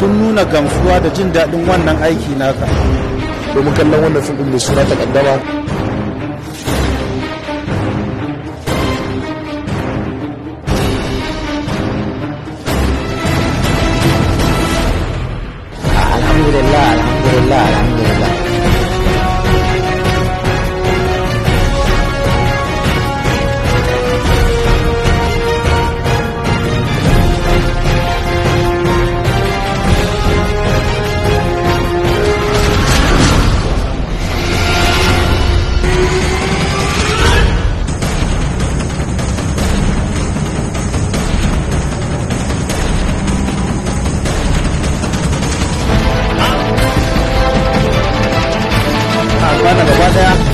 sun nuna gamsuwa da jin daɗin wannan aiki naka domin kallon wannan fim mai suna ta kaddama alhamdulillah alhamdulillah alhamdulillah 啊！看关哪个关的？